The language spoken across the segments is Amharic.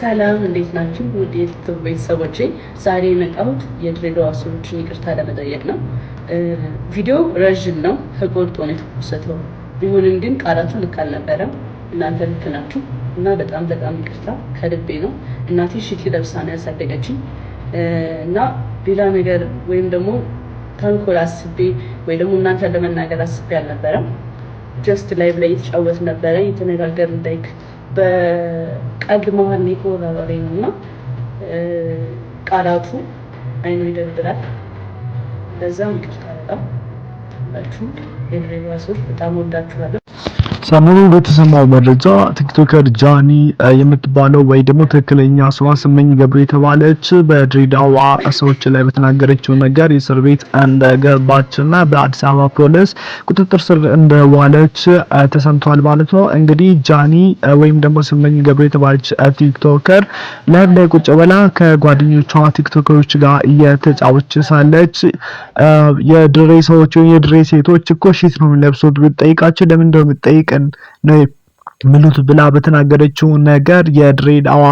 ሰላም እንዴት ናችሁ? ውድ የዩቱብ ቤተሰቦች፣ ዛሬ የመጣሁት የድሬዳዋ ሰዎችን ይቅርታ ለመጠየቅ ነው። ቪዲዮ ረዥም ነው፣ ህገወጥ ነው የተወሰተው ቢሆንም ግን ቃላቱ ልክ አልነበረም። እናንተ ልክ ናችሁ እና በጣም በጣም ይቅርታ ከልቤ ነው። እናቴ ሽቲ ለብሳ ነው ያሳደገችኝ እና ሌላ ነገር ወይም ደግሞ ተንኮል አስቤ ወይ ደግሞ እናንተ ለመናገር አስቤ አልነበረም። ጀስት ላይቭ ላይ የተጫወት ነበረ የተነጋገር እንዳይክ በቀልድ መሀል ነው እና ቃላቱ አይኑ ይደብራል። ለዛም ይቅርታ በጣም ሁላችሁም የድሬ ባሶች በጣም ወዳችኋለሁ። ሰሞኑን በተሰማው መረጃ ቲክቶከር ጃኒ የምትባለው ወይ ደግሞ ትክክለኛ ስሟ ስመኝ ገብሩ የተባለች በድሬዳዋ ሰዎች ላይ በተናገረችው ነገር የእስር ቤት እንደገባችና በአዲስ አበባ ፖሊስ ቁጥጥር ስር እንደዋለች ተሰምቷል ማለት ነው። እንግዲህ ጃኒ ወይም ደግሞ ስመኝ ገብሩ የተባለች ቲክቶከር ላይቭ ላይ ቁጭ ብላ ከጓደኞቿ ቲክቶከሮች ጋር እየተጫወች ሳለች የድሬ ሰዎች ወይም የድሬ ሴቶች እኮ ሺት ነው የሚለብሱት ብትጠይቃቸው ለምን እንደው የምትጠይቅ ቀን ነው ምሉት ብላ በተናገረችው ነገር የድሬዳዋ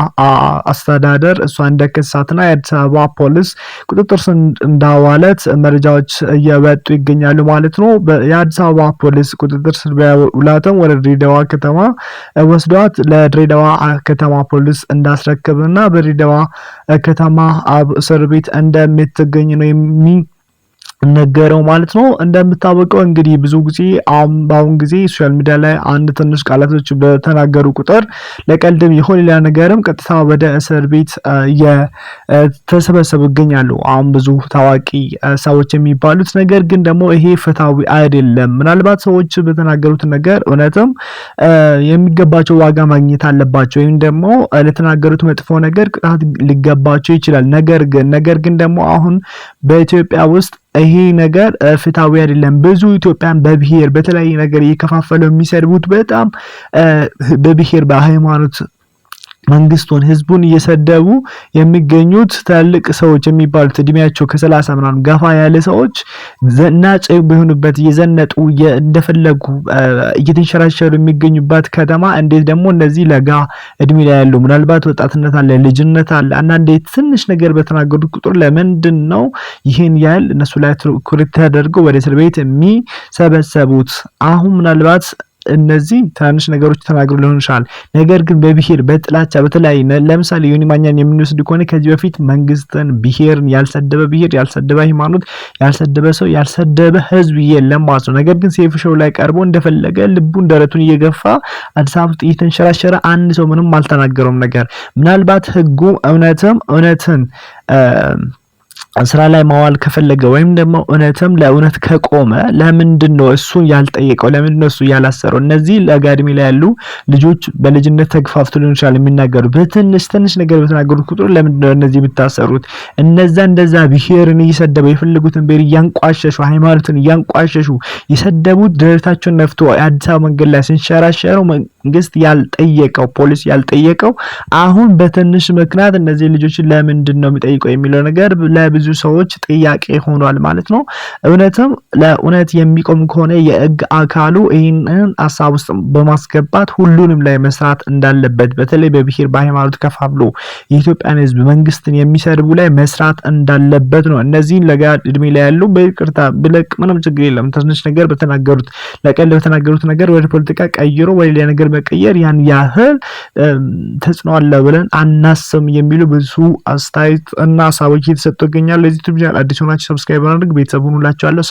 አስተዳደር እሷ እንደከሳትና የአዲስ አበባ ፖሊስ ቁጥጥር ስር እንዳዋለት መረጃዎች እየወጡ ይገኛሉ ማለት ነው። የአዲስ አበባ ፖሊስ ቁጥጥር ስር በውላትም ወደ ድሬዳዋ ከተማ ወስዷት ለድሬዳዋ ከተማ ፖሊስ እንዳስረክብና በድሬዳዋ ከተማ እስር ቤት እንደምትገኝ ነው የሚ ነገረው ማለት ነው። እንደምታወቀው እንግዲህ ብዙ ጊዜ በአሁን ጊዜ ሶሻል ሚዲያ ላይ አንድ ትንሽ ቃላቶች በተናገሩ ቁጥር ለቀልድም ይሆን ሌላ ነገርም ቀጥታ ወደ እስር ቤት እየተሰበሰቡ ይገኛሉ። አሁን ብዙ ታዋቂ ሰዎች የሚባሉት ነገር ግን ደግሞ ይሄ ፍትሐዊ አይደለም። ምናልባት ሰዎች በተናገሩት ነገር እውነትም የሚገባቸው ዋጋ ማግኘት አለባቸው፣ ወይም ደግሞ ለተናገሩት መጥፎ ነገር ቅጣት ሊገባቸው ይችላል። ነገር ግን ነገር ግን ደግሞ አሁን በኢትዮጵያ ውስጥ ይሄ ነገር ፍትሐዊ አይደለም። ብዙ ኢትዮጵያን በብሄር በተለያየ ነገር እየከፋፈለው የሚሰድቡት በጣም በብሄር በሃይማኖት መንግስቱን ህዝቡን እየሰደቡ የሚገኙት ትላልቅ ሰዎች የሚባሉት እድሜያቸው ከሰላሳ ምናምን ገፋ ያለ ሰዎች ዘናጭ በሆኑበት እየዘነጡ እንደፈለጉ እየተንሸራሸሩ የሚገኙባት ከተማ እንዴት ደግሞ እነዚህ ለጋ እድሜ ላይ ያሉ ምናልባት ወጣትነት አለ፣ ልጅነት አለ። አንዳንዴ ትንሽ ነገር በተናገሩት ቁጥር ለምንድን ነው ይህን ያህል እነሱ ላይ ትኩረት ተደርገው ወደ እስር ቤት የሚሰበሰቡት? አሁን ምናልባት እነዚህ ትናንሽ ነገሮች ተናግሮ ሊሆን ይችላል። ነገር ግን በብሄር በጥላቻ በተለያዩ ለምሳሌ ዮኒ ማኛን የምንወስድ ከሆነ ከዚህ በፊት መንግስትን፣ ብሄርን ያልሰደበ ብሄር፣ ያልሰደበ ሃይማኖት፣ ያልሰደበ ሰው፣ ያልሰደበ ህዝብ የለም ማለት ነው። ነገር ግን ሴፍ ሾው ላይ ቀርቦ እንደፈለገ ልቡን ደረቱን እየገፋ አዲስ አበባ ውስጥ እየተንሸራሸረ አንድ ሰው ምንም አልተናገረውም። ነገር ምናልባት ህጉ እውነትም እውነትን ስራ ላይ ማዋል ከፈለገ ወይም ደግሞ እውነትም ለእውነት ከቆመ ለምንድን ነው እሱ ያልጠየቀው? ለምንድን ነው እሱ ያላሰረው? እነዚህ ለጋድሚ ላይ ያሉ ልጆች በልጅነት ተግፋፍቶ ሊሆን ይችላል የሚናገሩ በትንሽ ትንሽ ነገር በተናገሩት ቁጥር ለምንድን ነው እነዚህ የምታሰሩት? እነዛ እንደዛ ብሔርን እየሰደቡ የፈለጉትን ብሔር እያንቋሸሹ ሃይማኖትን እያንቋሸሹ የሰደቡት ደረታቸውን ነፍቶ የአዲስ አበባ መንገድ ላይ ሲንሸራሸሩ መንግስት ያልጠየቀው ፖሊስ ያልጠየቀው አሁን በትንሽ ምክንያት እነዚህ ልጆችን ለምንድን ነው የሚጠይቀው የሚለው ነገር ለብዙ ሰዎች ጥያቄ ሆኗል ማለት ነው። እውነትም ለእውነት የሚቆም ከሆነ የህግ አካሉ ይህንን ሀሳብ ውስጥ በማስገባት ሁሉንም ላይ መስራት እንዳለበት በተለይ በብሔር በሃይማኖት ከፋፍሎ የኢትዮጵያን ህዝብ መንግስትን የሚሰድቡ ላይ መስራት እንዳለበት ነው። እነዚህን ለጋ እድሜ ላይ ያሉ በይቅርታ ብለቅ ምንም ችግር የለም። ትንሽ ነገር በተናገሩት ለቀል በተናገሩት ነገር ወደ ፖለቲካ ቀይሮ ወደ ሌላ ነገር ለመቀየር ያን ያህል ተጽዕኖ አለ ብለን አናስብም የሚሉ ብዙ አስተያየት እና ሀሳቦች እየተሰጡ ይገኛል። ለዚህ ዩቱብ ቻናል አዲስ ሆናችሁ ሰብስክራይብ በማድረግ ቤተሰቡን ሁኑላችኋለሁ።